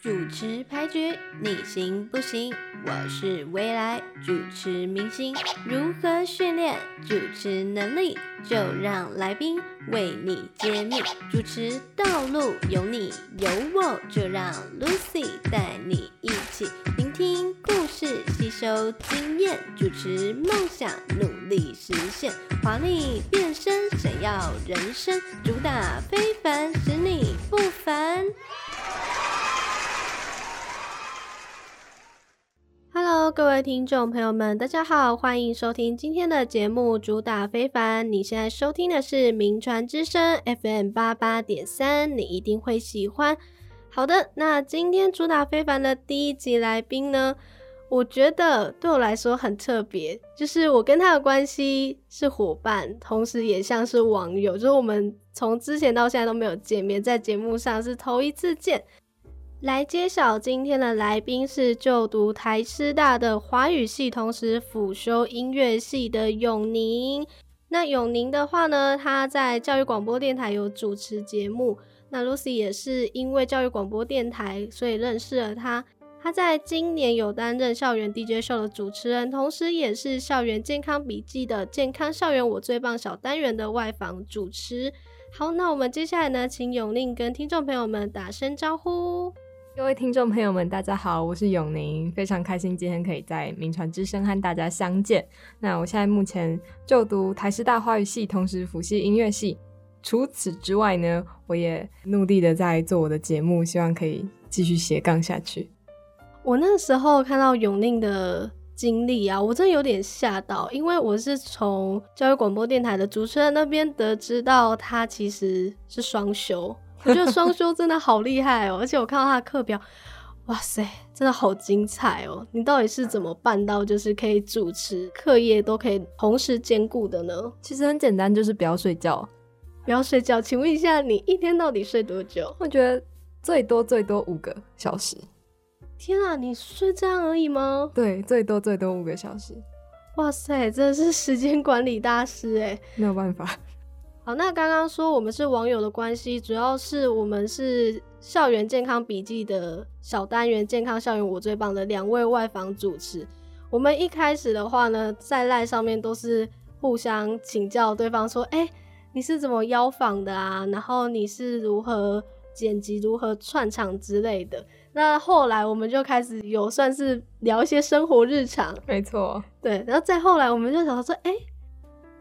主持排局，你行不行？我是未來主持明星，如何訓練主持能力？就讓來賓為你揭秘。主持道路有你有我，就讓 Lucy 帶你一起聆聽故事，吸收經驗。主持夢想努力實現，華麗變身閃耀人生，主打非凡，使你不凡。Hello，各位聽眾朋友們，大家好，歡迎收聽今天的節目，主打非凡。你現在收聽的是名傳之聲 FM 八八點三，你一定會喜歡。好的，那今天主打非凡的第一集來賓呢，我覺得對我來說很特別，就是我跟他的關係是夥伴，同時也像是網友，就是我們從之前到現在都沒有見面，在節目上是頭一次見。來揭曉，今天的來賓是就讀台師大的華語系，同時輔修音樂系的詠甯。那詠甯的話呢，他在教育廣播電台有主持節目。那 Lucy 也是因為教育廣播電台，所以認識了他。他在今年有擔任校園 DJ 秀的主持人，同時也是校園健康筆記的健康校園我最棒小單元的外訪主持。好，那我們接下來呢，請詠甯跟聽眾朋友們打聲招呼。各位聽眾朋友們，大家好，我是詠甯，非常開心今天可以在《名傳之聲》和大家相見。那我現在目前就讀台師大華語系，同時輔系音樂系。除此之外呢，我也努力的在做我的節目，希望可以繼續斜槓下去。我那時候看到詠甯的經歷啊，我真的有點嚇到，因為我是從教育廣播電台的主持人那邊得知到他其實是雙修。 我覺得雙修真的好厲害哦，而且我看到他的課表，哇塞，真的好精彩哦！你到底是怎麼辦到，就是可以主持課業都可以同時兼顧的呢？其實很簡單，就是不要睡覺，不要睡覺。請問一下，你一天到底睡多久？我覺得最多最多五個小時。天啊，你睡這樣而已嗎？對，最多最多五個小時。哇塞，真的是時間管理大師耶！沒有辦法。好，那剛剛說我們是網友的關係，主要是我們是校園健康筆記的小單元健康校園我最棒的兩位外訪主持。我們一開始的話呢，在賴上面都是互相請教對方說，說、欸、哎，你是怎麼邀訪的啊？然後你是如何剪輯、如何串場之類的。那後來我們就開始有算是聊一些生活日常，沒錯，對。然後再後來，我們就想說，哎、欸。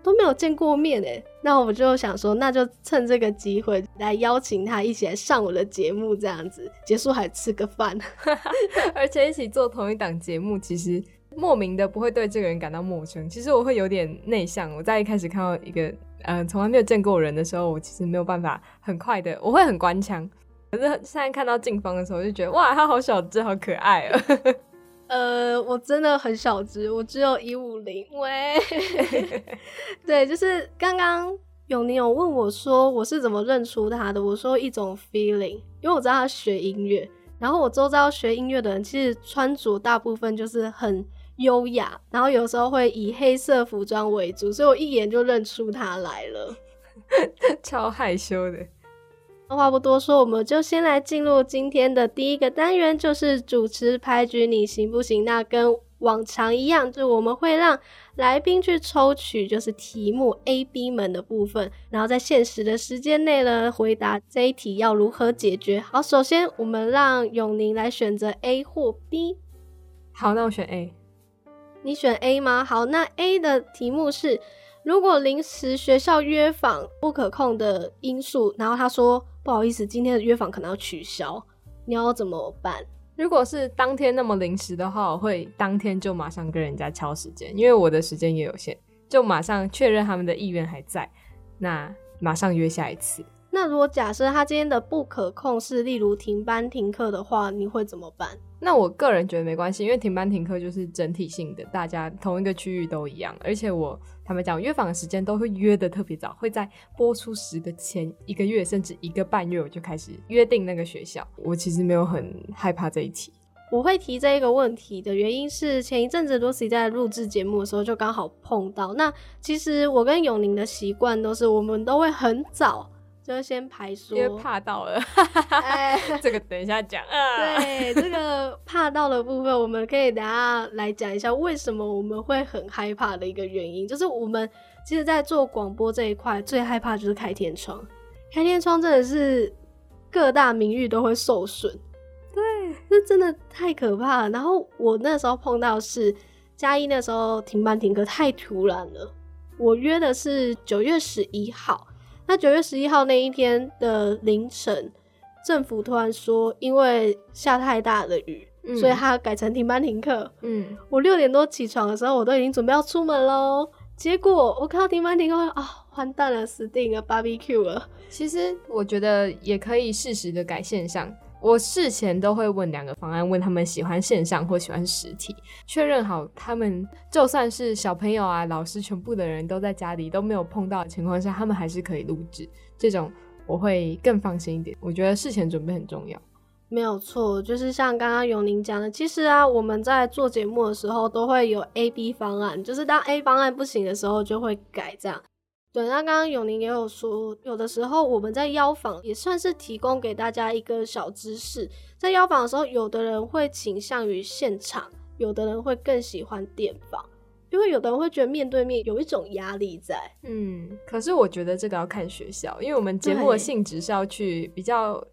都沒有見過面哎、欸，那我就想說，那就趁這個機會來邀請他一起來上我的節目，這樣子結束還吃個飯， 而且一起做同一檔節目，其實莫名的不會對這個人感到陌生。其實我會有點內向，我在一開始看到一個嗯，從、呃、來沒有見過人的時候，我其實沒有辦法很快的，我會很官腔。可是現在看到靜芳的時候，我就覺得哇，他好小隻，好可愛啊！ 」呃，我真的很小隻，我只有一五零。喂， 對，就是剛剛永寧有問我說我是怎麼認出他的，我說一種 feeling，因為我知道他學音樂，然後我周遭學音樂的人其實穿着大部分就是很優雅，然後有時候會以黑色服裝為主，所以我一眼就認出他來了，超害羞的。那話不多說，我們就先來進入今天的第一個單元，就是主持牌局，你行不行？那跟往常一樣，就我們會讓來賓去抽取，就是題目 A、B 門的部分，然後在限時的時間內呢，回答這一題要如何解決。好，首先我們讓詠甯來選擇 A 或 B。好，那我選 A。你選 A 嗎？好，那 A 的題目是。如果臨時學校約訪不可控的因素，然後他說不好意思，今天的約訪可能要取消，你要怎麼辦？如果是當天那麼臨時的話，我會當天就馬上跟人家敲時間，因為我的時間也有限，就馬上確認他們的意願還在，那馬上約下一次。那如果假設他今天的不可控是例如停班停課的話，你會怎麼辦？那我個人覺得沒關係，因為停班停課就是整體性的，大家同一個區域都一樣。而且我坦白講約訪的時間都會約的特別早，會在播出時的前一個月甚至一個半月我就開始約定那個學校。我其實沒有很害怕這一題。我會提這一個問題的原因是前一陣子 Lucy 在錄制節目的時候就剛好碰到。那其實我跟詠甯的習慣都是我們都會很早。就先排說，因為怕到了。哎、嗯， 這個等一下講。哎、 對，這個怕到的部分，我們可以等下來講一下，為什麼我們會很害怕的一個原因，就是我們其實，在做廣播這一塊，最害怕就是開天窗。開天窗真的是各大名譽都會受損，對，那真的太可怕了。然後我那時候碰到是嘉義那時候停班停課太突然了，我約的是九月十一號，那九月十一號那一天的凌晨，政府突然說，因為下太大的雨，嗯、所以他改成停班停課。嗯，我六點多起床的時候，我都已經準備要出門嘍。結果我看到停班停課啊！完蛋了，死定了，芭比 Q 了。其實我覺得也可以適時的改線上。我事前都會問兩個方案，問他們喜歡線上或喜歡實體，確認好他們就算是小朋友啊、老師，全部的人都在家裡都沒有碰到的情況下，他們還是可以錄製，這種我會更放心一點。我覺得事前準備很重要。沒有錯，就是像剛剛詠甯講的，其實啊，我們在做節目的時候都會有 A、B 方案，就是當 A 方案不行的時候就會改這樣。對，那剛剛詠甯也有說，有的時候我們在邀訪也算是提供給大家一個小知識，在邀訪的時候，有的人會傾向於現場，有的人會更喜歡電訪，因為有的人會覺得面對面有一種壓力在。嗯，可是我覺得這個要看學校，因為我們節目的性質是要去比較，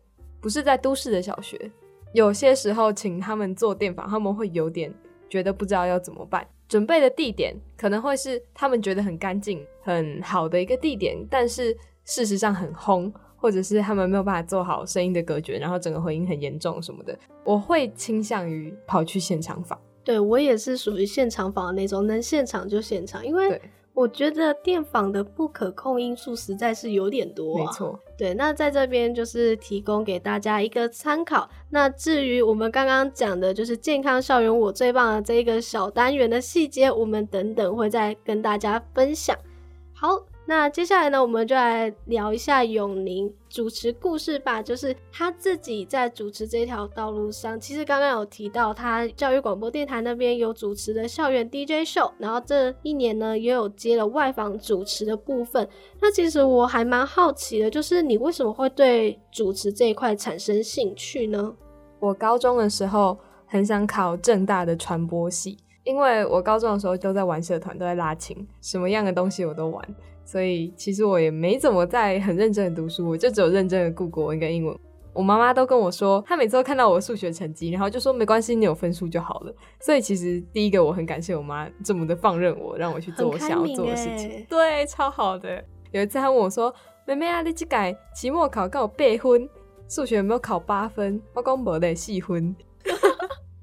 不是在都市的小學，有些時候請他們做電訪，他們會有點覺得不知道要怎麼辦。準備的地點可能會是他們覺得很乾淨很好的一個地點，但是事實上很轟，或者是他們沒有辦法做好聲音的隔絕，然後整個回音很嚴重什麼的，我會傾向於跑去現場訪。對，我也是屬於現場訪的那種，能現場就現場，因為。我覺得電訪的不可控因素實在是有點多啊，沒錯。對，那在這邊就是提供給大家一個參考。那至於我們剛剛講的就是健康校園我最棒的這一個小單元的細節，我們等等會再跟大家分享。好。那接下來呢，我們就來聊一下詠甯主持故事吧。就是他自己在主持這條道路上，其實剛剛有提到，他教育廣播電台那邊有主持的校園 DJ 秀，然後這一年呢，也有接了外訪主持的部分。那其實我還蠻好奇的，就是你為什麼會對主持這一塊產生興趣呢？我高中的時候很想考政大的傳播系，因為我高中的時候就在玩社團，都在拉琴，什麼樣的東西我都玩。所以其實我也沒怎麼在很認真的讀書，我就只有認真的顧國文跟英文。我媽媽都跟我說，她每次都看到我數學成績，然後就說沒關係，你有分數就好了。所以其實第一個我很感謝我媽這麼的放任我，讓我去做我想要做的事情。對，超好的。有一次她問我說：“妹妹啊，你這屆期末考跟我八分，數學有沒有考八分？”我講無的，四分。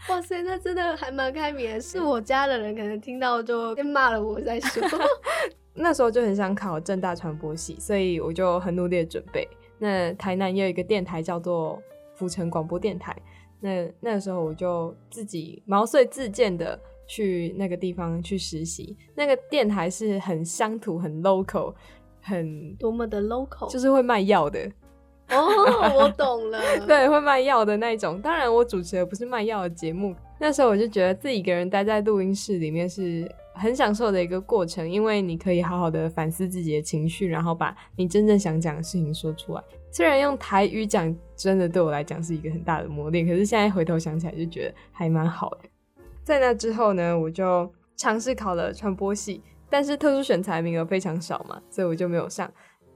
哇塞，那真的還蠻開明的，是我家的人可能聽到就先罵了我再說。 那時候就很想考政大傳播系，所以我就很努力的準備。那台南也有一個電台叫做府城廣播電台，那那時候我就自己毛遂自薦的去那個地方去實習。那個電台是很鄉土、很 local，很多麼的 local，就是會賣藥的。哦，我懂了， 對，會賣藥的那種。當然，我主持的不是賣藥的節目。那時候我就覺得自己一個人待在錄音室裡面是很享受的一個過程，因為你可以好好的反思自己的情緒，然後把你真正想講的事情說出來。雖然用台語講，真的對我來講是一個很大的磨練，可是現在回頭想起來就覺得還蠻好的。在那之後呢，我就嘗試考了傳播系，但是特殊選材名額非常少嘛，所以我就沒有上。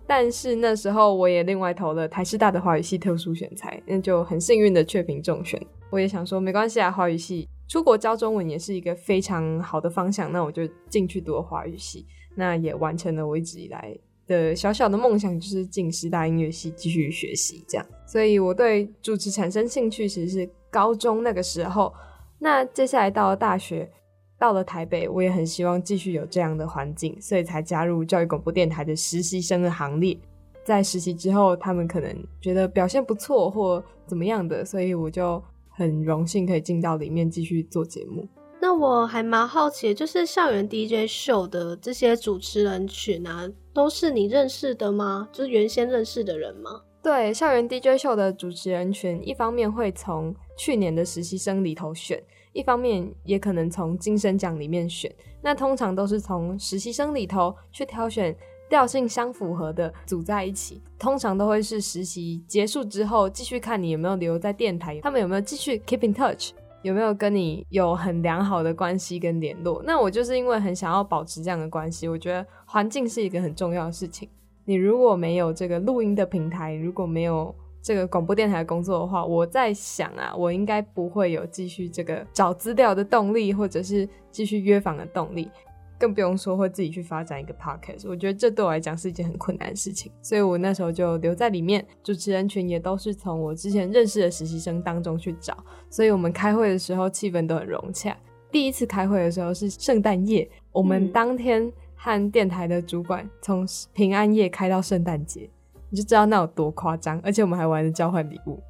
但是那時候我也另外投了台師大的華語系特殊選才，那就很幸運的雀屏中選。我也想說沒關係啊，華語系出國教中文也是一個非常好的方向。那我就進去讀華語系，那也完成了我一直以來的小小的夢想，就是進師大音樂系繼續學習這樣。所以我對主持產生興趣其實是高中那個時候，那接下來到了大學。到了台北，我也很希望繼續有這樣的環境，所以才加入教育廣播電臺的實習生的行列。在實習之後，他們可能覺得表現不錯或怎麼樣的，所以我就很榮幸可以進到裡面繼續做節目。那我還蠻好奇，就是校園 DJ 秀的這些主持人群呢、啊、都是你認識的嗎？就是原先認識的人嗎？對，校園 DJ 秀的主持人群，一方面會從去年的實習生裡頭選。一方面也可能從金聲獎裡面選，那通常都是從實習生裡頭去挑選調性相符合的組在一起，通常都會是實習結束之後繼續看你有沒有留在電台，他們有沒有繼續 keep in touch，有沒有跟你有很良好的關係跟聯絡。那我就是因為很想要保持這樣的關係，我覺得環境是一個很重要的事情。你如果沒有這個錄音的平台，如果沒有。這個廣播電台的工作的話，我在想啊，我應該不會有繼續這個找資料的動力，或者是繼續約訪的動力，更不用說會自己去發展一個 podcast，我覺得這對我來講是一件很困難的事情，所以我那時候就留在裡面。主持人群也都是從我之前認識的實習生當中去找，所以我們開會的時候氣氛都很融洽。第一次開會的時候是聖誕夜，我們當天和電台的主管從平安夜開到聖誕節。你就知道那有多誇張，而且我們還玩的交換禮物。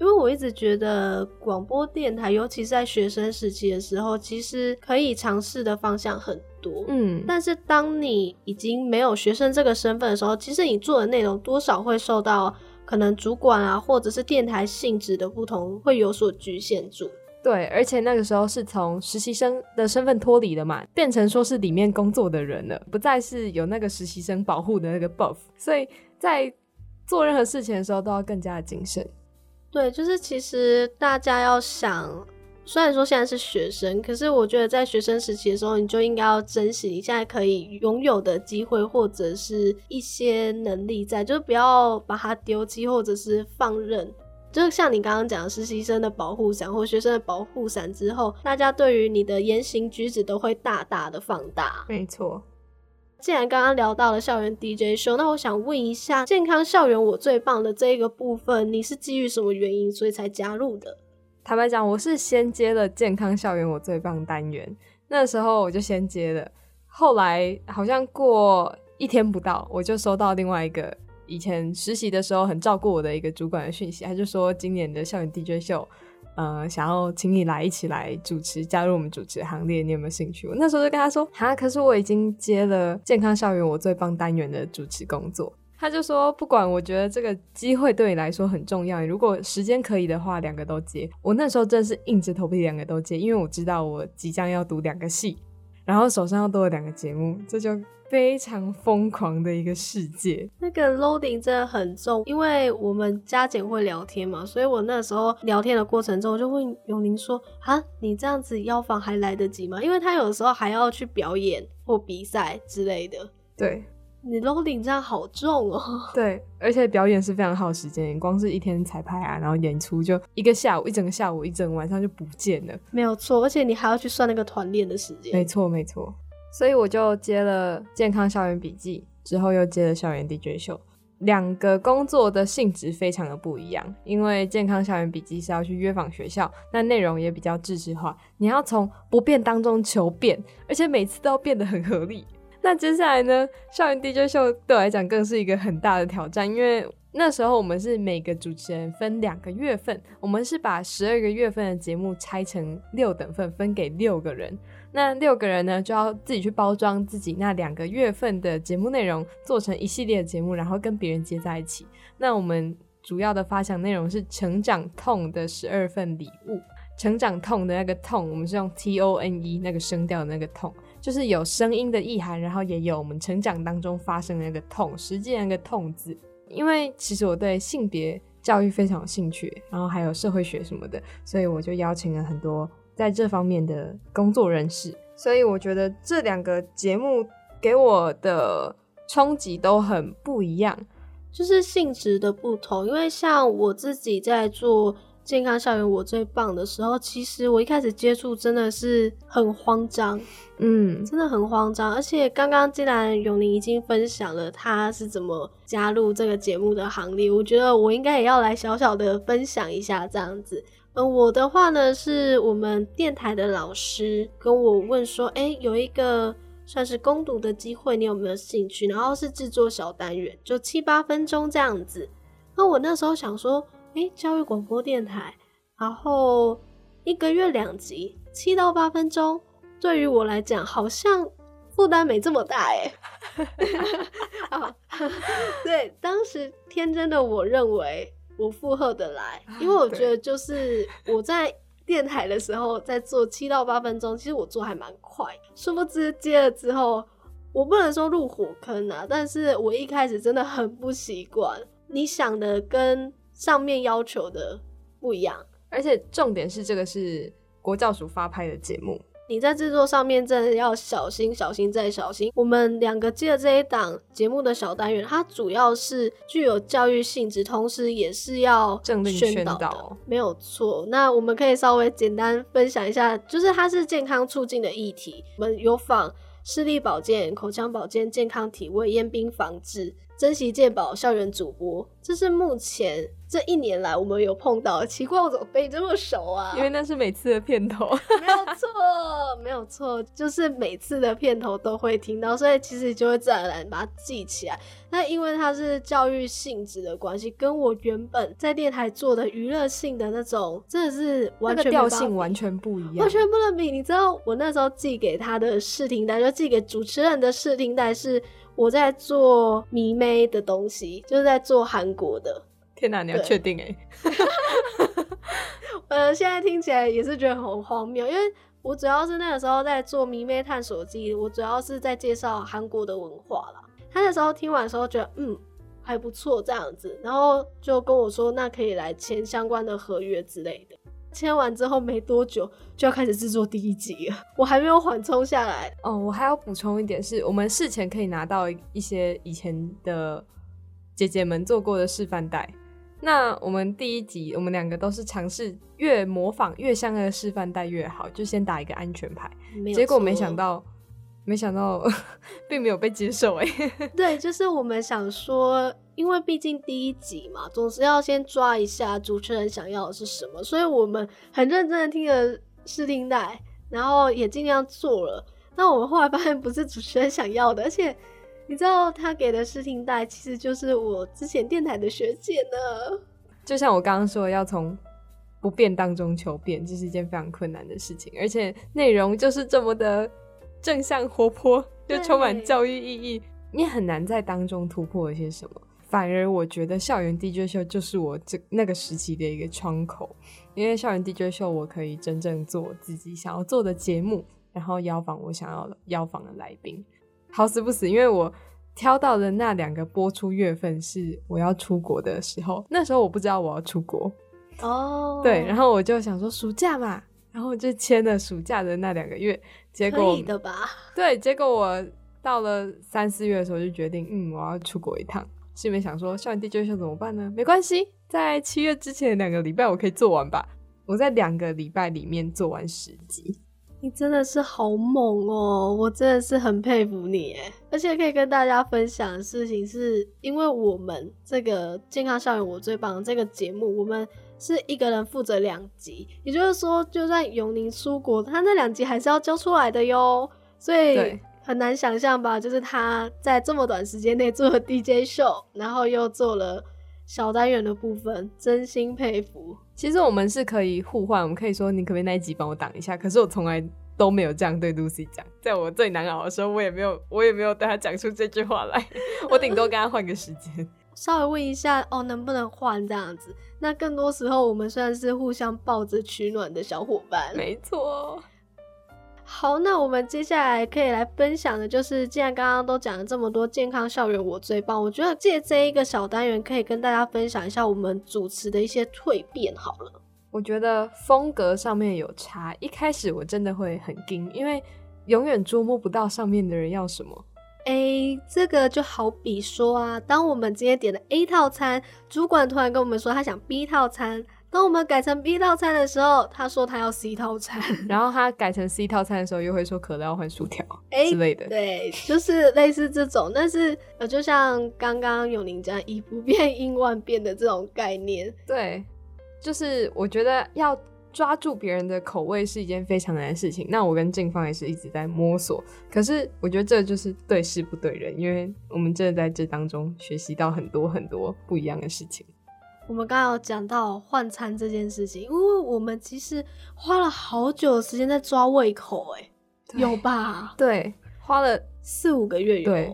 因為我一直覺得廣播電台，尤其是在學生時期的時候，其實可以嘗試的方向很多。嗯，但是當你已經沒有學生這個身份的時候，其實你做的內容多少會受到可能主管啊，或者是電台性質的不同，會有所局限住。對，而且那個時候是從實習生的身份脫離了嘛，變成說是裡面工作的人了，不再是有那個實習生保護的那個 buff，所以。在做任何事情的時候，都要更加的謹慎。對，就是其實大家要想，雖然說現在是學生，可是我覺得在學生時期的時候，你就應該要珍惜你現在可以擁有的機會或者是一些能力在，在就是不要把它丟棄或者是放任。就像你剛剛講的實習生的保護傘或學生的保護傘之後，大家對於你的言行舉止都會大大的放大。沒錯。既然剛剛聊到了校園 DJ 秀，那我想問一下，健康校園我最棒的這一個部分，你是基於什麼原因所以才加入的？坦白講，我是先接了健康校園我最棒單元，那時候我就先接了，後來好像過一天不到，我就收到另外一個以前實習的時候很照顧我的一個主管的訊息，他就說今年的校園 DJ 秀，呃，想要請你來一起來主持，加入我們主持行列，你有沒有興趣？我那時候就跟他說，哈，可是我已經接了健康校園我最棒單元的主持工作。他就說，不管，我覺得這個機會對你來說很重要，如果時間可以的話，兩個都接。我那時候真的是硬着頭皮兩個都接，因為我知道我即將要讀兩個系。然後手上又多了兩個節目，這就非常瘋狂的一個世界。那個 loading 真的很重，因為我們加減會聊天嘛，所以我那時候聊天的過程中，我就會詠甯說啊，你這樣子邀訪還來得及嗎？因為他有的時候還要去表演或比賽之類的。對。你露頂這樣好重哦、喔！對，而且表演是非常耗時間，光是一天彩排啊，然後演出就一個下午，一整個下午，一整個晚上就不見了。沒有錯，而且你還要去算那個團練的時間。沒錯，沒錯。所以我就接了《健康校園筆記》，之後又接了《校園 DJ 秀》，兩個工作的性質非常的不一樣。因為《健康校園筆記》是要去約訪學校，那內容也比較知識化，你要從不變當中求變，而且每次都要變得很合理。那接下來呢？校園 DJ 秀，對我來講更是一個很大的挑戰，因為那時候我們是每個主持人分兩個月份，我們是把十二個月份的節目拆成六等份，分給六個人。那六個人呢，就要自己去包裝自己那兩個月份的節目內容，做成一系列的節目，然後跟別人接在一起。那我們主要的發想內容是成長痛的十二份禮物，成長痛的那個痛，我們是用 T O N E 那個聲調的那個痛。就是有聲音的意涵，然後也有我們成長當中發生的一個痛，實際的一個痛字。因為其實我對性別教育非常有興趣，然後還有社會學什麼的，所以我就邀請了很多在這方面的工作人士。所以我覺得這兩個節目給我的衝擊都很不一樣，就是性質的不同。因為像我自己在做健康校園，我最棒的時候，其實我一開始接觸真的是很慌張，嗯，真的很慌張。而且剛剛既然詠甯已經分享了他是怎麼加入這個節目的行列，我覺得我應該也要來小小的分享一下這樣子。嗯、呃，我的話呢，是我們電台的老師跟我問說，誒、欸，有一個算是工讀的機會，你有沒有興趣？然後是製作小單元，就七八分鐘這樣子。那我那時候想說。哎、欸，教育廣播電台，然後一個月兩集，七到八分鐘，對於我來講好像負擔沒這麼大誒、欸、啊， 對，當時天真的我認為我負荷得來、啊，因為我覺得就是我在電台的時候在做七到八分鐘，其實我做還蠻快。殊不知接了之後，我不能說入火坑啊，但是我一開始真的很不習慣。你想的跟上面要求的不一樣，而且重點是這個是國教署發拍的節目，你在制作上面真的要小心、小心再小心。我們兩個接的這一檔節目的小單元，它主要是具有教育性質，同時也是要宣導，政令宣導，沒有錯。那我們可以稍微簡單分享一下，就是它是健康促進的議題，我們有放視力保健、口腔保健、健康體位、菸檳防治。珍惜健保、校園主播，這是目前這一年來我們有碰到的。奇怪，我怎麼背這麼熟啊？因為那是每次的片頭， 沒有錯，沒有錯，就是每次的片頭都會聽到，所以其實就會自然而然把它記起來。那因為它是教育性質的關係，跟我原本在電台做的娛樂性的那種，真的是完全、那個、調性完全不一樣，完全不能比。你知道我那時候寄給他的試聽帶，就寄給主持人的試聽帶是。我在做迷妹的東西，就是在做韓國的。天哪，你要確定欸？ 呃，現在聽起來也是覺得很荒謬，因為我主要是那個時候在做迷妹探索機，我主要是在介紹韓國的文化啦，他那時候聽完的時候覺得嗯，還不錯這樣子，然後就跟我說那可以來簽相關的合約之類的。簽完之後沒多久就要開始制作第一集了，我還沒有緩衝下來。哦，我還要補充一點是，是我們事前可以拿到一些以前的姐姐們做過的示範帶。那我們第一集，我們兩個都是嘗試越模仿越像那個示範帶越好，就先打一個安全牌。結果沒想到，沒想到 並沒有被接受欸。哎，對，就是我們想說。因為畢竟第一集嘛，總是要先抓一下主持人想要的是什麼，所以我們很認真的聽了試聽帶，然後也盡量做了。那我們後來發現不是主持人想要的，而且你知道他給的試聽帶其實就是我之前電台的學姐呢。就像我剛剛說，要從不變當中求變，這是一件非常困難的事情，而且內容就是這麼的正向、活潑又充滿教育意義，你很難在當中突破一些什麼。反而我覺得校園 DJ show 就是我這那個時期的一個窗口，因為校園 DJ show 我可以真正做自己想要做的節目，然後邀訪我想要邀訪的來賓。好死不死，因為我挑到的那兩個播出月份是我要出國的時候，那時候我不知道我要出國哦，oh. 對，然後我就想說暑假嘛，然後就簽了暑假的那兩個月，結果，可以的吧？對，結果我到了三四月的時候就決定，嗯，我要出國一趟。心裡面想說，校完第九集怎麼辦呢？沒關係，在七月之前兩個禮拜我可以做完吧。我在兩個禮拜裡面做完十集，你真的是好猛哦、喔！我真的是很佩服你耶。而且可以跟大家分享的事情是，是因為我們這個《健康校園我最棒》這個節目，我們是一個人負責兩集，也就是說，就算永寧出國，他那兩集還是要交出來的喲。所以。對很難想象吧，就是他在這麼短時間內做了 DJ 秀，然後又做了小單元的部分，真心佩服。其實我們是可以互換，我們可以說你可不可以那一集幫我擋一下？可是我從來都沒有這樣對 Lucy 講，在我最難熬的時候，我也沒有，我也沒有對他講出這句話來。我頂多跟他換個時間， 稍微問一下哦，能不能換這樣子？那更多時候，我們雖然是互相抱着取暖的小夥伴，沒錯。好，那我們接下來可以來分享的，就是既然剛剛都講了這麼多健康校園我最棒，我覺得借這一個小單元可以跟大家分享一下我們主持的一些蛻變。好了，我覺得風格上面有差，一開始我真的會很驚，因為永遠捉摸不到上面的人要什麼。哎、欸，這個就好比說啊，當我們今天點了 A 套餐，主管突然跟我們說他想 B 套餐。當我們改成 B 套餐的時候，他說他要 C 套餐，然後他改成 C 套餐的時候，又會說可樂要換薯條、欸、之類的。對，就是類似這種。 但是呃，就像剛剛永寧這樣以不變應萬變的這種概念。對，就是我覺得要抓住別人的口味是一件非常難的事情。那我跟正方也是一直在摸索。可是我覺得這就是對事不對人，因為我們真的在這當中學習到很多很多不一樣的事情。我們剛有講到換餐這件事情，因為我們其實花了好久的時間在抓胃口、欸，誒，有吧？對，花了四五個月有，有，對，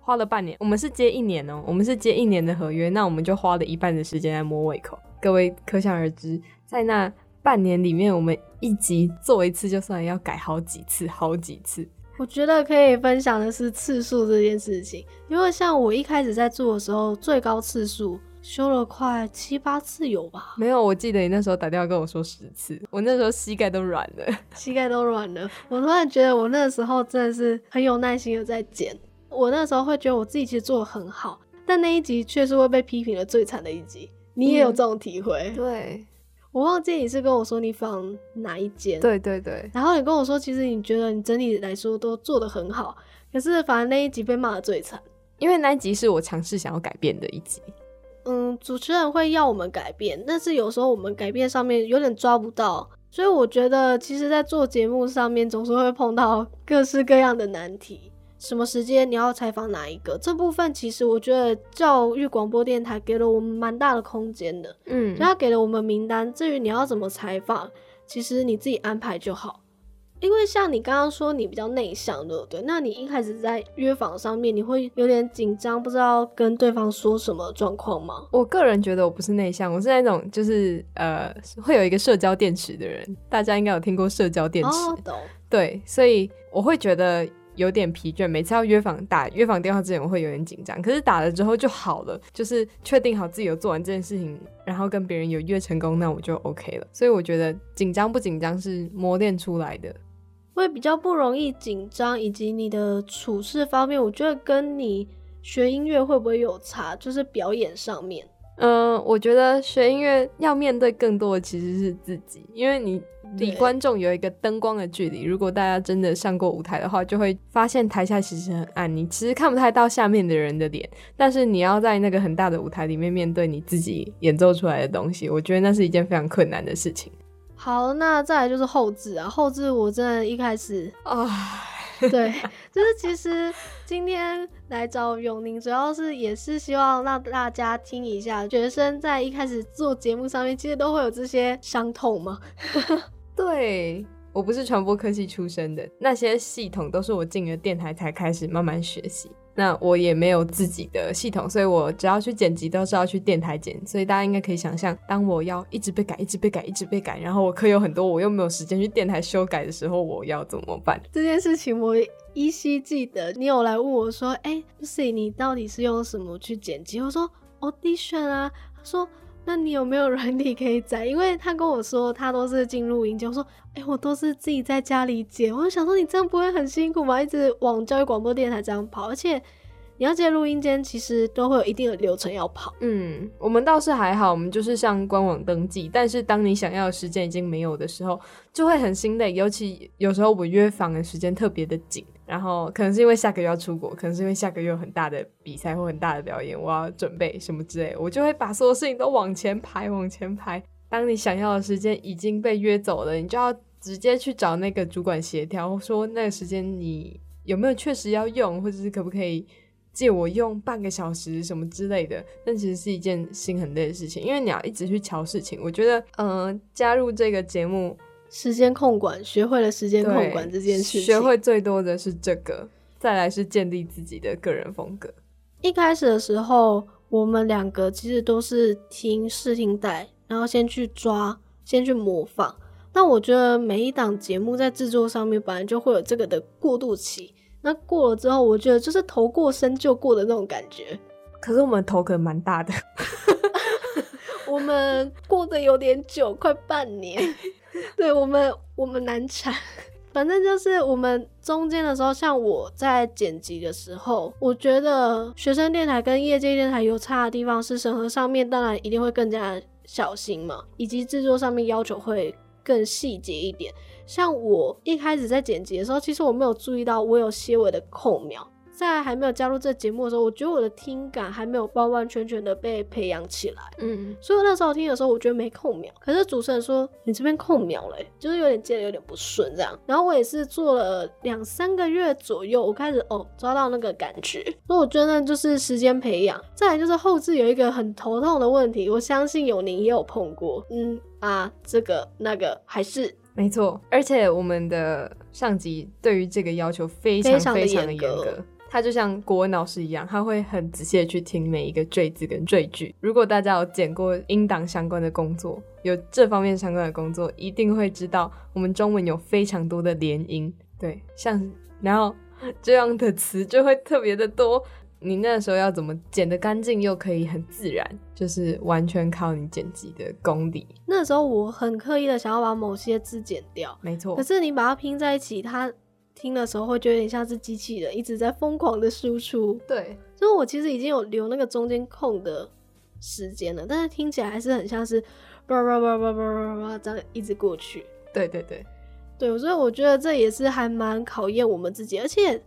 花了半年。我們是接一年哦、喔，我們是接一年的合約，那我們就花了一半的時間在摸胃口。各位可想而知，在那半年裡面，我們一集做一次，就算要改好幾次，好幾次。我覺得可以分享的是次數這件事情，因為像我一開始在做的時候，最高次數。修了快七八次有吧？沒有，我記得你那時候打電話跟我說十次，我那時候膝蓋都軟了，膝蓋都軟了。我突然覺得我那時候真的是很有耐心的在剪，我那時候會覺得我自己其實做得很好，但那一集卻是會被批評的最慘的一集。你也有這種體會？嗯、對，我忘記你是跟我說你放哪一集？對對對。然後你跟我說，其實你覺得你整體來說都做得很好，可是反而那一集被罵的最慘，因為那一集是我嘗試想要改變的一集。嗯，主持人會要我們改變，但是有時候我們改變上面有點抓不到，所以我覺得其實，在做節目上面總是會碰到各式各樣的難題。什麼時間你要採訪哪一個？這部分其實我覺得教育廣播電臺給了我們蠻大的空間的。嗯，他給了我們名單，至於你要怎麼採訪，其實你自己安排就好。因為像你剛剛說你比較內向的，對不對？那你一開始在約訪上面，你會有點緊張，不知道跟對方說什麼狀況嗎？我個人覺得我不是內向，我是那種就是呃會有一個社交電池的人，大家應該有聽過社交電池，哦、懂、對，所以我會覺得有點疲倦，每次要約訪打約訪電話之前，我會有點緊張，可是打了之後就好了，就是確定好自己有做完這件事情，然後跟別人有約成功，那我就 OK 了。所以我覺得緊張不緊張是磨練出來的。會比較不容易緊張，以及你的處事方面，我覺得跟你學音樂會不會有差？就是表演上面，嗯、呃，我覺得學音樂要面對更多的其實是自己，因為你離觀眾有一個燈光的距離。如果大家真的上過舞台的話，就會發現台下其實很暗，你其實看不太到下面的人的臉，但是你要在那個很大的舞台裡面面對你自己演奏出來的東西，我覺得那是一件非常困難的事情。好，那再來就是後製啊，後製我真的一開始，唉、oh.，對，就是其實今天來找詠甯，主要是也是希望讓大家聽一下，學生在一開始做節目上面，其實都會有這些傷痛嘛。 對，我不是傳播科系出身的，那些系統都是我進了電台才開始慢慢學習。那我也沒有自己的系統，所以我只要去剪輯都是要去電台剪，所以大家應該可以想象，當我要一直被改、一直被改、一直被改，然後我可有很多我又沒有時間去電台修改的時候，我要怎麼辦？這件事情我依稀記得，你有來問我說：“哎，Lucy，你到底是用什麼去剪輯？”我說：“Audition 啊。”他說：那你有沒有軟體可以載？因為他跟我說他都是進錄音間。我說，哎、欸，我都是自己在家裡剪。我就想說，你這樣不會很辛苦嗎？一直往教育廣播電台這樣跑，而且。你要接錄音間，其實都會有一定的流程要跑。嗯，我們倒是還好，我們就是上官網登記。但是當你想要的時間已經沒有的時候，就會很心累。尤其有時候我約房的時間特別的緊，然後可能是因為下個月要出國，可能是因為下個月有很大的比賽或很大的表演，我要準備什麼之類的，我就會把所有事情都往前排，往前排。當你想要的時間已經被約走了，你就要直接去找那個主管協調，說那個時間你有沒有確實要用，或者是可不可以。借我用半個小時什麼之類的，但其實是一件心很累的事情，因為你要一直去瞧事情。我覺得，嗯、呃，加入這個節目，時間控管，學會了時間控管這件事，學會最多的是這個，再來是建立自己的個人風格。一開始的時候，我們兩個其實都是聽試聽帶，然後先去抓，先去模仿。但我覺得每一檔節目在製作上面，本來就會有這個的過渡期。那過了之後，我覺得就是頭過身就過的那種感覺。可是我們頭可蠻大的， 我們過得有點久，快半年。對我們，我們難產。 反正就是我們中間的時候，像我在剪輯的時候，我覺得學生電台跟業界電台有差的地方是審核上面，當然一定會更加小心嘛，以及制作上面要求會更細節一點。像我一開始在剪輯的時候，其實我沒有注意到我有些微的控秒，在還沒有加入這個節目的時候，我覺得我的聽感還沒有完完全全的被培養起來，嗯，所以我那時候聽的時候，我覺得沒控秒，可是主持人說，你這邊控秒了，就是有點接的有點不順這樣。然後我也是做了兩三個月左右，我開始哦抓到那個感覺，所以我覺得就是時間培養。再來就是後製有一個很頭痛的問題，我相信有您也有碰過，嗯啊這個那個還是。沒錯，而且我們的上級對於這個要求非常非常的嚴格。他就像國文老師一樣，他會很仔細的去聽每一個贅字跟贅句，句。如果大家有剪過音檔相關的工作，有這方面相關的工作，一定會知道我們中文有非常多的連音，對，像然後這樣的詞就會特別的多。你那時候要怎麼剪得乾淨又可以很自然，就是完全靠你剪輯的功底。那時候我很刻意的想要把某些字剪掉，沒錯。可是你把它拼在一起，它聽的時候會覺得有點像是機器人一直在瘋狂的輸出。對，所以我其實已經有留那個中間空的時間了，但是聽起來還是很像是叭叭叭叭叭叭叭這樣一直過去。對對對，對，所以我覺得這也是還蠻考驗我們自己，而且。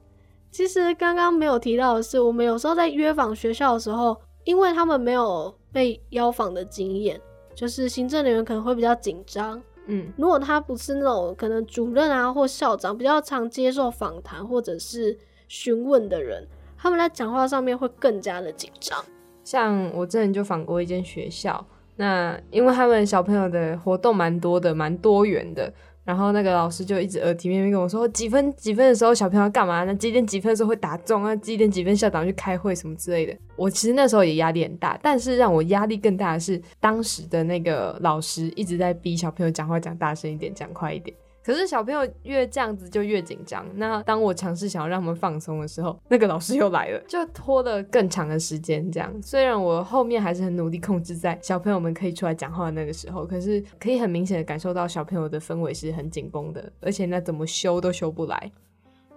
其實剛剛沒有提到的是，我們有時候在約訪學校的時候，因為他們沒有被邀訪的經驗，就是行政人員可能會比較緊張。嗯，如果他不是那種可能主任啊或校長比較常接受訪談或者是詢問的人，他們在講話上面會更加的緊張。像我之前就訪過一間學校，那因為他們小朋友的活動蠻多的，蠻多元的。然後那個老師就一直耳提面命跟我說，幾分幾分的時候小朋友要幹嘛，那幾點幾分的時候會打鐘啊，那幾點幾分校長去開會什麼之類的。我其實那時候也壓力很大，但是讓我壓力更大的是當時的那個老師一直在逼小朋友講話講大聲一點，講快一點。可是小朋友越這樣子就越緊張。那當我嘗試想要讓他們放鬆的時候，那個老師又來了，就拖了更長的時間。這樣，雖然我後面還是很努力控制在小朋友們可以出來講話的那個時候，可是可以很明顯的感受到小朋友的氛圍是很緊繃的，而且那怎麼修都修不來。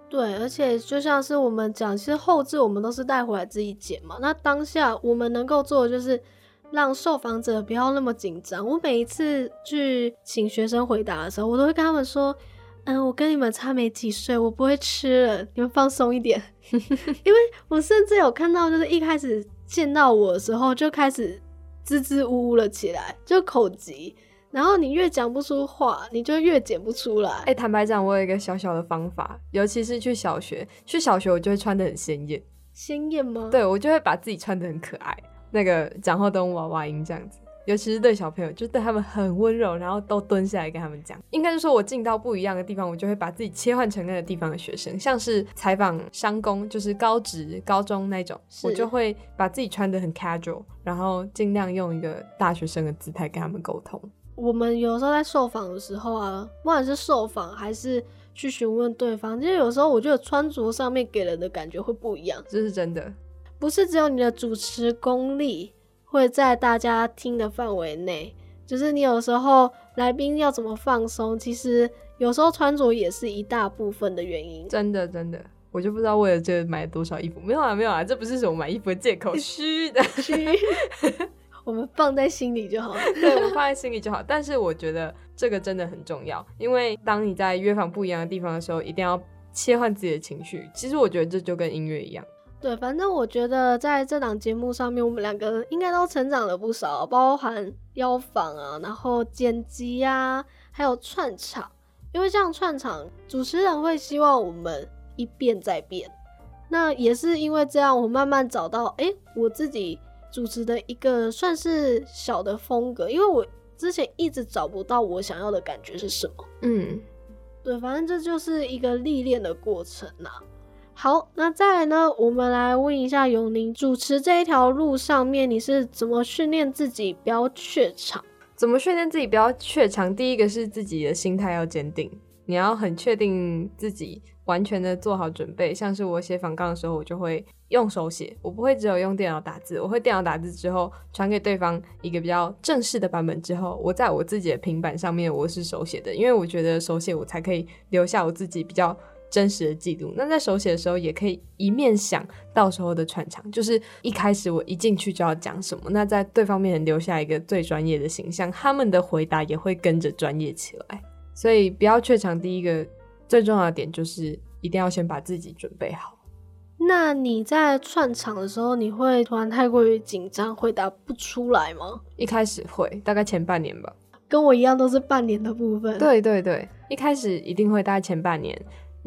對，而且就像是我們講，其實後製我們都是帶回來自己剪嘛。那當下我們能夠做的就是。讓受訪者不要那麼緊張。我每一次去請學生回答的時候，我都會跟他們說：“嗯，我跟你們差沒幾歲，我不會吃了，你們放鬆一點。 ”因為我甚至有看到，就是一開始見到我的時候就開始支支吾吾了起來，就口急。然後你越講不出話，你就越剪不出來。哎，坦白講，我有一個小小的方法，尤其是去小學，去小學我就會穿得很鮮艷。鮮艷嗎？對，我就會把自己穿得很可愛。那個講話都娃娃音這樣子，尤其是對小朋友，就對他們很溫柔，然後都蹲下來跟他們講。應該是說我進到不一樣的地方，我就會把自己切換成那個地方的學生。像是採訪商工，就是高職、高中那種，我就會把自己穿得很 casual，然後盡量用一個大學生的姿態跟他們溝通。我們有時候在受訪的時候啊，不管是受訪還是去詢問對方，其實有時候我覺得穿着上面給人的感覺會不一樣，這是真的。不是只有你的主持功力會在大家聽的範圍內，就是你有時候來賓要怎麼放鬆，其實有時候穿着也是一大部分的原因。真的真的，我就不知道為了這個買了多少衣服，沒有啊沒有啊，這不是什麼買衣服的借口，虛的虛。 我們放在心裡就好，對，我們放在心裡就好。 但是我覺得這個真的很重要，因為當你在約訪不一樣的地方的時候，一定要切換自己的情緒。其實我覺得這就跟音樂一樣。對，反正我覺得在這檔節目上面，我們兩個應該都成長了不少啊，包含邀訪啊，然後剪輯呀啊，還有串場。因為這樣串場，主持人會希望我們一變再變。那也是因為這樣，我慢慢找到哎，我自己主持的一個算是小的風格，因為我之前一直找不到我想要的感覺是什麼。嗯，對，反正這就是一個歷練的過程啦啊。好，那再來呢？我們來問一下詠甯，主持這一條路上面，你是怎麼訓練自己不要怯場？怎麼訓練自己不要怯場？第一個是自己的心態要堅定，你要很確定自己完全的做好準備。像是我寫訪綱的時候，我就會用手寫，我不會只有用電腦打字。我會電腦打字之後，傳給對方一個比較正式的版本之後，我在我自己的平板上面我是手寫的，因為我覺得手寫我才可以留下我自己比較，真實的記錄。那在手寫的時候，也可以一面想到時候的串場，就是一開始我一進去就要講什麼。那在對方面前留下一個最專業的形象，他們的回答也會跟着專業起來。所以不要怯場。第一個最重要的點就是一定要先把自己準備好。那你在串場的時候，你會突然太過於緊張，回答不出來嗎？一開始會，大概前半年吧。跟我一樣都是半年的部分。對對對，一開始一定會，大概前半年。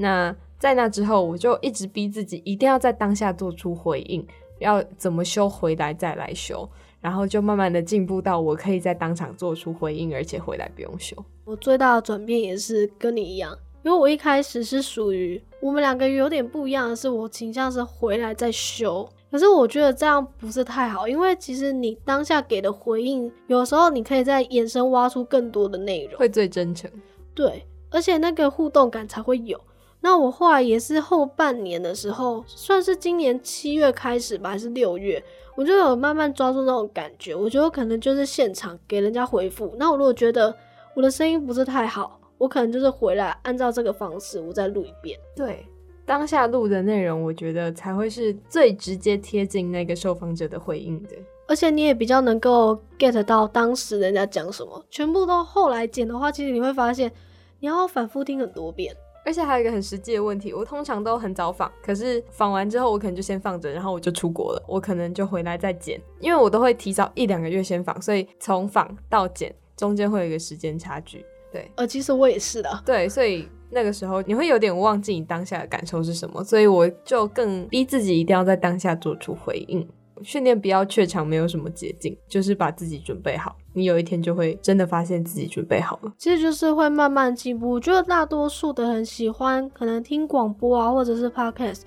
那在那之後，我就一直逼自己一定要在當下做出回應，要怎麼修回來再來修，然後就慢慢的進步到我可以在當場做出回應，而且回來不用修。我最大的轉變也是跟你一樣，因為我一開始是屬於我們兩個有點不一樣的是，我傾向是回來再修，可是我覺得這樣不是太好，因為其實你當下給的回應，有時候你可以再延伸挖出更多的內容，會最真誠，對，而且那個互動感才會有。那我後來也是後半年的時候，算是今年七月開始吧，還是六月，我就有慢慢抓住那種感覺。我覺得我可能就是現場給人家回復。那我如果覺得我的聲音不是太好，我可能就是回來按照這個方式，我再錄一遍。對，當下錄的內容，我覺得才會是最直接貼近那個受訪者的回應的。而且你也比較能夠 get 到當時人家講什麼。全部都後來剪的話，其實你會發現，你要反覆聽很多遍。而且還有一個很實際的問題，我通常都很早訪。可是訪完之後我可能就先放着，然後我就出國了，我可能就回來再剪，因為我都會提早一兩個月先訪。所以從訪到剪中間會有一個時間差距，對。呃，其實我也是的，對，所以那個時候你會有點忘記你當下的感受是什麼，所以我就更逼自己一定要在當下做出回應。訓練不要怯場，沒有什麼捷徑，就是把自己準備好，你有一天就會真的發現自己準備好了。其實就是會慢慢進步。我覺得大多數的人喜歡可能聽廣播啊，或者是 podcast，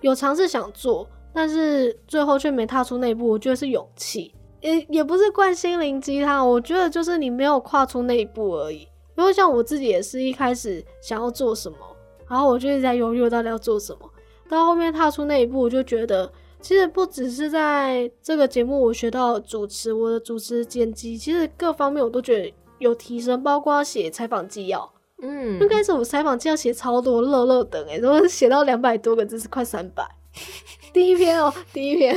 有嘗試想做，但是最後卻沒踏出那一步。我覺得是勇氣，也也不是灌心靈雞湯。我覺得就是你沒有跨出那一步而已。因為像我自己也是一開始想要做什麼，然後我就一直在猶豫到底要做什麼，到後面踏出那一步，我就覺得。其實不只是在這個節目，我學到主持，我的主持、剪輯，其實各方面我都覺得有提升，包括寫採訪紀要。嗯，一開始我採訪紀要寫超多樂樂等、欸，哎，然後寫到兩百多個字，是快三百。第一篇哦、喔， 第一篇，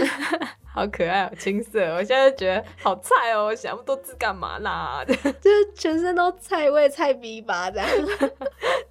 好可愛哦、喔，青澀。我現在覺得好菜哦、喔，寫那麼多字幹嘛啦？就是全身都菜味，菜逼吧，這樣。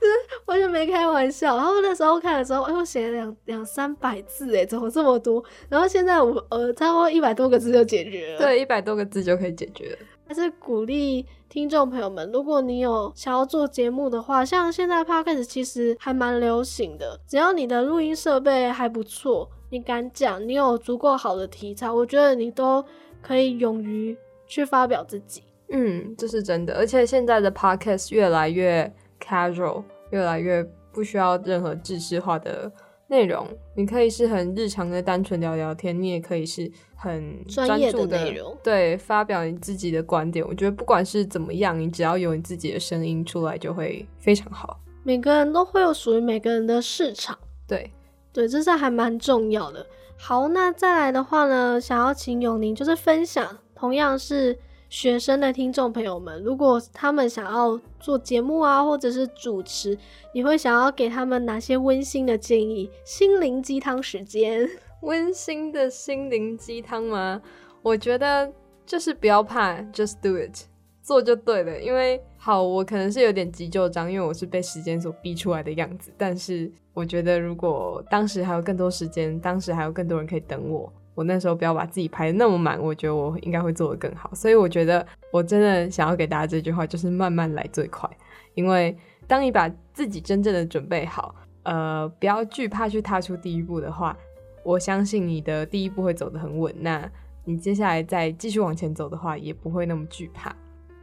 我就沒開玩笑。然後那時候看的時候，哎，我寫了兩兩三百字，哎，怎麼這麼多？然後現在我呃，差不多一百多個字就解決了。對，一百多個字就可以解決了。還是鼓勵聽眾朋友們，如果你有想要做節目的話，像現在 Podcast 其實還蠻流行的。只要你的錄音設備還不錯，你敢講，你有足夠好的題材，我覺得你都可以勇於去發表自己。嗯，這是真的。而且現在的 Podcast 越來越 casual。越來越不需要任何制式化的內容，你可以是很日常的單純聊聊天，你也可以是很專注的、專業的內容，對，發表你自己的觀點。我覺得不管是怎麼樣，你只要有你自己的聲音出來就會非常好。每個人都會有屬於每個人的市場，對對，這是還蠻重要的。好，那再來的話呢，想要請詠甯就是分享，同樣是。學生的聽眾朋友們，如果他們想要做節目啊，或者是主持，你會想要給他們哪些溫馨的建議？心靈雞湯時間，溫馨的心靈雞湯嗎？我覺得就是不要怕，just do it，做就對了。因為好，我可能是有點急就章，因為我是被時間所逼出來的樣子。但是我覺得，如果當時還有更多時間，當時還有更多人可以等我。我那時候不要把自己排的那麼滿，我覺得我應該會做得更好。所以我覺得我真的想要給大家這句話，就是慢慢來最快。因為當你把自己真正的準備好，呃，不要懼怕去踏出第一步的話，我相信你的第一步會走得很穩。那你接下來再繼續往前走的話，也不會那麼懼怕。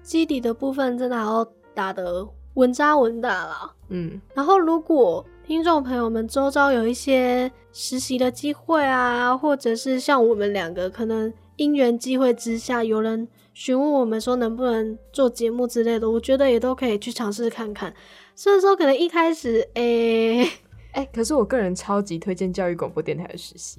基底的部分真的還要打得穩紮穩打了。嗯，然後如果。聽眾朋友們，周遭有一些實習的機會啊，或者是像我們兩個，可能因緣際會之下，有人詢問我們說能不能做節目之類的，我覺得也都可以去嘗試看看。雖然說可能一開始，哎、欸、哎、欸，可是我個人超級推薦教育廣播電台的實習，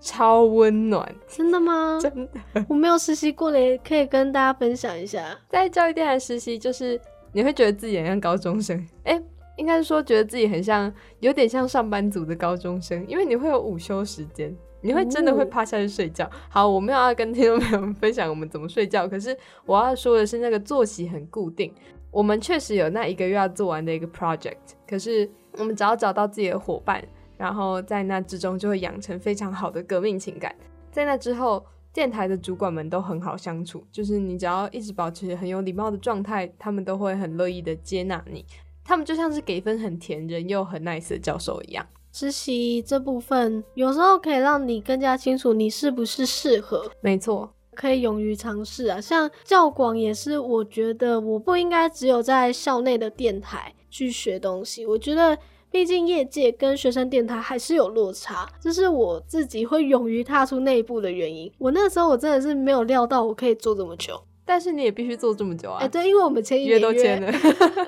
超溫暖。真的嗎？真的。我沒有實習過嘞，可以跟大家分享一下，在教育電台實習，就是你會覺得自己很像高中生，哎、欸。應該是說，覺得自己很像，有點像上班族的高中生，因為你會有午休時間，你會真的會趴下去睡覺。嗯、好，我沒有要跟聽眾朋友們分享我們怎麼睡覺，可是我要說的是，那個作息很固定。我們確實有那一個月要做完的一個 project，可是我們只要找到自己的夥伴，然後在那之中就會養成非常好的革命情感。在那之後，電台的主管們都很好相處，就是你只要一直保持很有禮貌的狀態，他們都會很樂意的接納你。他們就像是給分很甜人又很 nice 的教授一樣，實習這部分有時候可以讓你更加清楚你是不是適合。沒錯，可以勇於嘗試啊。像教廣也是，我覺得我不應該只有在校內的電台去學東西。我覺得畢竟業界跟學生電台還是有落差，這是我自己會勇於踏出那一步的原因。我那時候我真的是沒有料到我可以做這麼久。但是你也必須做這麼久啊！哎、欸，對，因為我們簽一年約都簽了，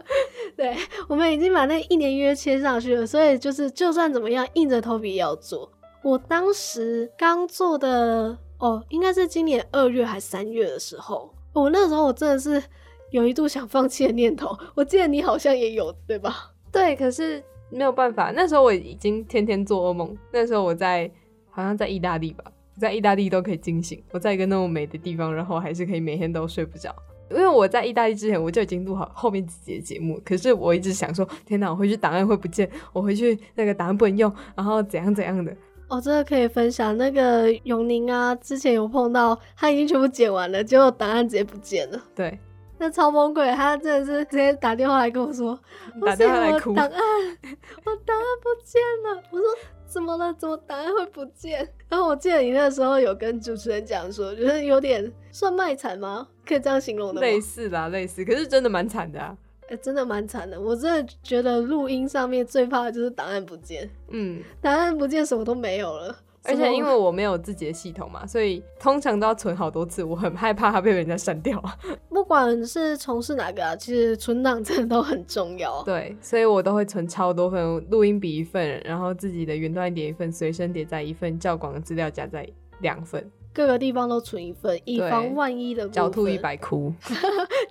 對，我們已經把那一年約簽上去了，所以就是就算怎麼樣，硬着頭皮也要做。我當時剛做的哦，應該是今年二月還三月的時候，我那時候我真的是有一度想放棄的念頭。我記得你好像也有對吧？對，可是沒有辦法，那時候我已經天天做噩夢。那時候我在好像在意大利吧。在意大利都可以驚醒，我在一個那麼美的地方，然後還是可以每天都睡不着，因為我在意大利之前我就已經錄好後面幾節節目，可是我一直想說，天哪，我回去檔案會不見，我回去那個檔案不能用，然後怎樣怎樣的。我真的可以分享那個詠甯啊，之前有碰到他已經全部剪完了，結果檔案直接不見了，對，那超崩潰，他真的是直接打電話來跟我說，打電話來哭，我現在檔案， 我檔案不見了，怎麼了？怎麼檔案會不見？然後我記得你那時候有跟主持人講說，覺得有點算賣慘嗎？可以這樣形容的嗎？類似啦類似，可是真的蠻慘的啊！欸，真的蠻慘的，我真的覺得錄音上面最怕的就是檔案不見。嗯，檔案不見，什麼都沒有了。而且因為我沒有自己的系統嘛，所以通常都要存好多次，我很害怕它被人家刪掉。不管是從事哪個啊，其實存檔真的都很重要。 對，所以我都會存超多份錄音筆一份，然後自己的雲端碟一份，隨身碟在一份，教廣的資料夾在兩份，各個地方都存一份，以防萬一的。狡兔一百窟，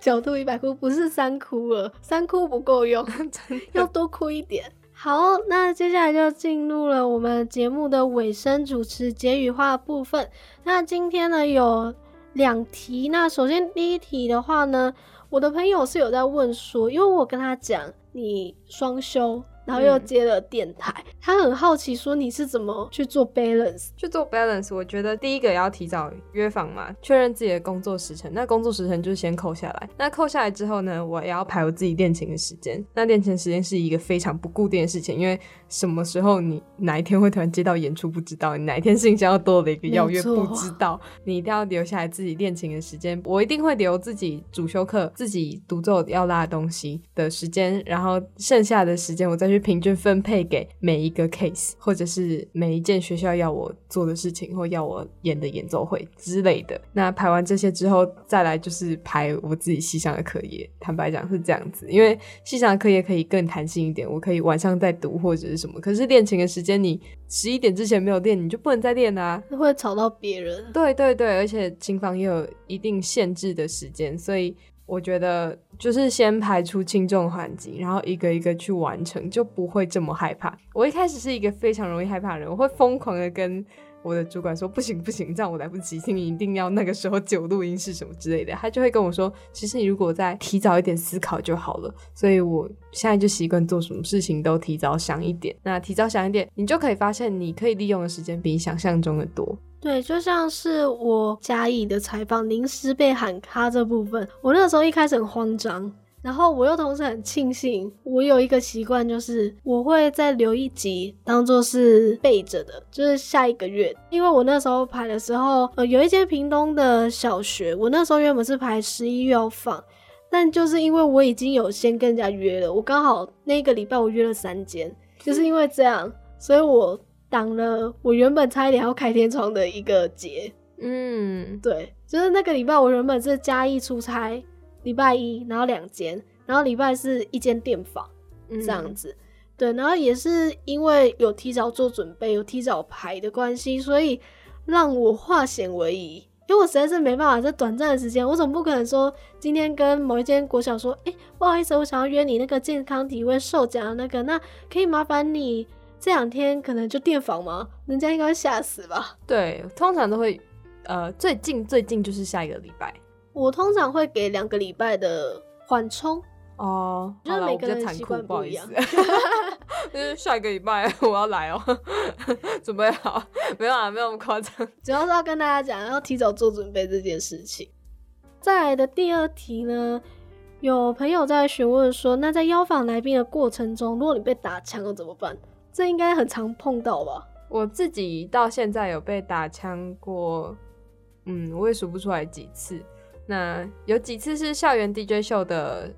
狡 兔一百窟，不是三窟了，三窟不夠用， 要多窟一點。好，那接下來就進入了我們節目的尾聲，主持結語話部分。那今天呢，有兩題，那首先第一題的話呢，我的朋友是有在問說，因為我跟他講你雙休。然後又接了電台，嗯，他很好奇說，你是怎麼去做 balance，去做 balance。我覺得第一個要提早約訪嘛，確認自己的工作時程。那工作時程就是先扣下來。那扣下來之後呢，我也要排我自己練琴的時間。那練琴時間是一個非常不固定的事情，因為什麼時候你哪一天會突然接到演出不知道，你哪一天事情上要多了一個邀約不知道， 你一定要留下來自己練琴的時間。我一定會留自己主修課、自己獨奏要拉的東西的時間，然後剩下的時間我再去。平均分配給每一個 case，或者是每一件學校要我做的事情或要我演的演奏會之類的。那排完這些之後，再來就是排我自己系上的課業。坦白講是這樣子，因為系上的課業可以更彈性一點，我可以晚上再讀或者是什麼。可是練琴的時間，你十一點之前沒有練，你就不能再練啊，會吵到別人。對對對，而且琴房也有一定限制的時間，所以。我覺得就是先排除輕重緩急，然後一個一個去完成，就不會這麼害怕。我一開始是一個非常容易害怕的人，我會瘋狂的跟我的主管說：“不行不行，這樣我來不及，聽你一定要那個時候九錄音室什麼之類的。”他就會跟我說：“其實你如果再提早一點思考就好了。”所以我現在就習慣做什麼事情都提早想一點。那提早想一點，你就可以發現，你可以利用的時間比你想象中的多。對，就像是我嘉義的採訪臨時被喊卡這部分，我那時候一開始很慌張，然後我又同時很慶幸，我有一個習慣就是我會再留一集當做是備着的，就是下一個月，因為我那時候排的時候，呃，有一間屏東的小學，我那時候原本是排十一月要放，但就是因為我已經有先跟人家約了，我剛好那個禮拜我約了三間，就是因為這樣，所以我。擋了我原本差一點要開天窗的一個節，嗯，對，就是那個禮拜我原本是嘉義出差，禮拜一然後兩間，然後禮拜是一間店房，嗯、這樣子，對，然後也是因為有提早做準備，有提早排的關係，所以讓我化險為夷，因為我實在是沒辦法，這短暫的時間，我總不可能說今天跟某一間國小說，哎，欸，不好意思，我想要約你那個健康體位授講的那個，那可以麻煩你，這兩天可能就電訪？嗎？人家應該會嚇死吧？對，通常都會，呃，最近最近就是下一個禮拜。我通常會給兩個禮拜的緩衝。哦，因為每個人習慣不一樣。 就是下一個禮拜我要來哦， 準備好？ 沒有啊，沒有那麼誇張。主要是要跟大家講，要提早做準備這件事情。再來的第二題呢，有朋友在詢問說，那在邀訪來賓的過程中，如果你被打槍了怎麼辦？這應該很常碰到吧？我自己到現在有被打槍過，嗯，我也數不出來幾次。那有幾次是校園 DJ 秀的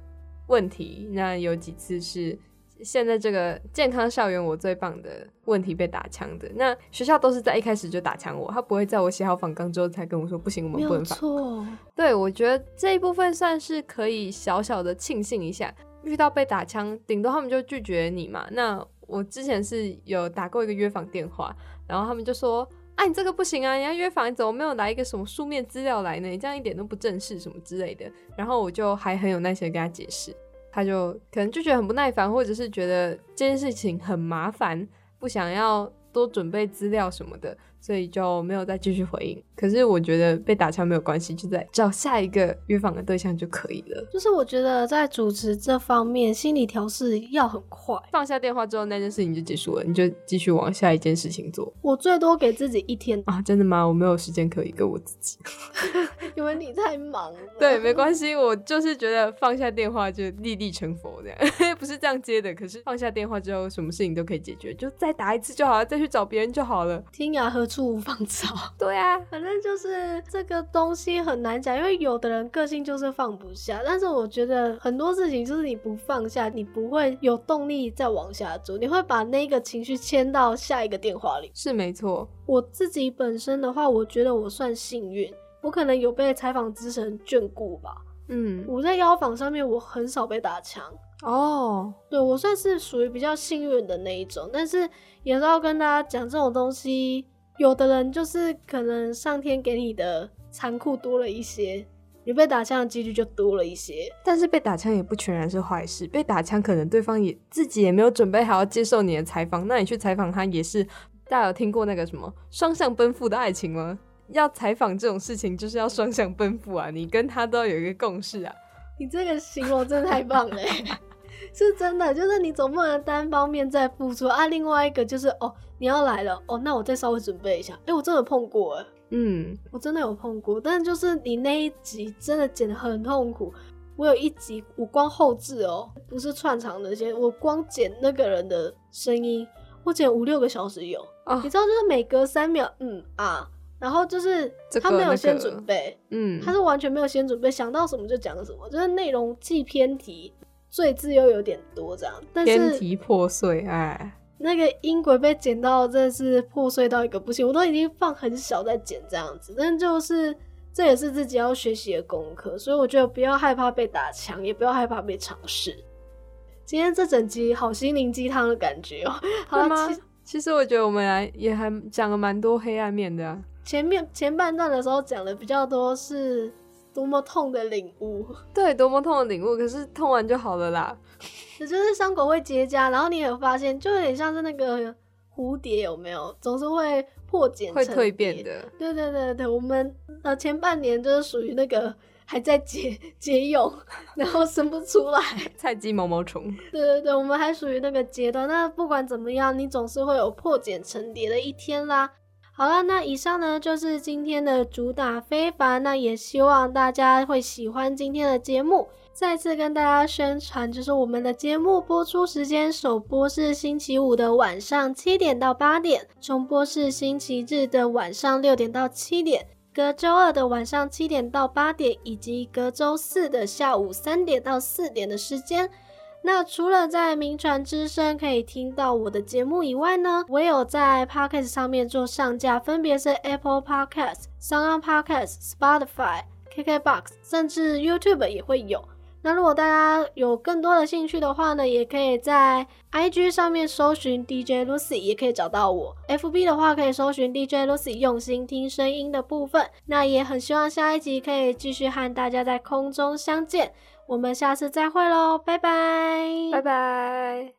問題，那有幾次是現在這個健康校園我最棒的問題被打槍的。那學校都是在一開始就打槍我，他不會在我寫好訪綱之後才跟我說不行，我們不能訪。哦。對，我覺得這一部分算是可以小小的慶幸一下，遇到被打槍，頂多他們就拒絕你嘛。那我之前是有打過一個約訪電話，然後他們就說：“啊，你這個不行啊，你要約訪，你怎麼沒有拿一個什麼書面資料來呢？你這樣一點都不正式，什麼之類的。”然後我就還很有耐心的跟他解釋，他就可能就覺得很不耐煩，或者是覺得這件事情很麻煩，不想要多準備資料什麼的。所以就沒有再繼續回應。可是我覺得被打槍沒有關係，就在找下一個約訪的對象就可以了。就是我覺得在主持這方面，心理調適要很快。放下電話之後，那件事情就結束了，你就繼續往下一件事情做。我最多給自己一天啊，真的嗎？我沒有時間可以給我自己， 因為你太忙了。對，沒關係，我就是覺得放下電話就立地成佛這樣， 不是這樣接的。可是放下電話之後，什麼事情都可以解決，就再打一次就好了，再去找別人就好了。聽啊，和。處無芳草對啊，反正就是這個東西很難講，因為有的人個性就是放不下。但是我覺得很多事情就是你不放下，你不會有動力再往下做，你會把那個情緒遷到下一個電話裡。是沒錯。我自己本身的話，我覺得我算幸運，我可能有被採訪之神眷顧吧。嗯。我在邀訪上面，我很少被打槍。哦、oh.。對，我算是屬於比較幸運的那一種，但是也是要跟大家講這種東西。有的人就是可能上天給你的殘酷多了一些，你被打槍的幾率就多了一些。但是被打槍也不全然是壞事，被打槍可能對方也自己也沒有準備好要接受你的採訪，那你去採訪他也是。大家有聽過那個什麼雙向奔赴的愛情嗎？要採訪這種事情就是要雙向奔赴啊，你跟他都要有一個共識啊。你這個形容真的太棒了欸。 是真的，就是你總不能單方面再付出啊。另外一個就是哦、喔，你要來了哦、喔，那我再稍微準備一下。哎、欸，我真的碰過哎、欸，嗯，我真的有碰過，但就是你那一集真的剪得很痛苦。我有一集我光後製哦、喔，不是串場那些，我光剪那個人的聲音，我剪五六個小時有。哦、你知道，就是每隔三秒，嗯啊，然後就是他沒有先準備、這個那個，嗯，他是完全沒有先準備，想到什麼就講什麼，就是內容既偏題，碎字又有點多，這樣。但是天梯破碎，哎，那個音軌被剪到，真的是破碎到一個不行。我都已經放很小在剪這樣子，但就是這也是自己要學習的功課，所以我覺得不要害怕被打槍，也不要害怕被嘗試。今天這整集好心靈雞湯的感覺哦、喔，好、啊、嗎？ 其實我覺得我們來也還講了蠻多黑暗面的。前面前半段的時候講的比較多是。多麼痛的領悟，對，多麼痛的領悟。可是痛完就好了啦，也 就是傷口會結痂，然後你也有發現，就有點像是那個蝴蝶有沒有，總是會破繭成蝶，會蛻變的。對對對對，我們呃前半年就是屬於那個還在結結蛹，然後生不出來 菜雞毛毛蟲。對對對，我們還屬於那個階段。那不管怎麼樣，你總是會有破繭成蝶的一天啦。好啦，那以上呢就是今天的主打非凡，那也希望大家會喜歡今天的節目。再次跟大家宣傳，就是我們的節目播出時間：首播是星期五的晚上七點到八點，重播是星期日的晚上六點到七點，隔周二的晚上七點到八點，以及隔周四的下午三點到四點的時間。那除了在名傳之聲可以聽到我的節目以外呢，我也有在 Podcast 上面做上架，分別是 Apple Podcast、SoundOn Podcast、Spotify、KKBox，甚至 YouTube 也會有。那如果大家有更多的興趣的話呢，也可以在 IG 上面搜尋 DJ Lucy，也可以找到我。FB 的話可以搜尋 DJ Lucy，用心聽聲音的部分。那也很希望下一集可以繼續和大家在空中相見。我們下次再會嘍，拜拜！拜拜。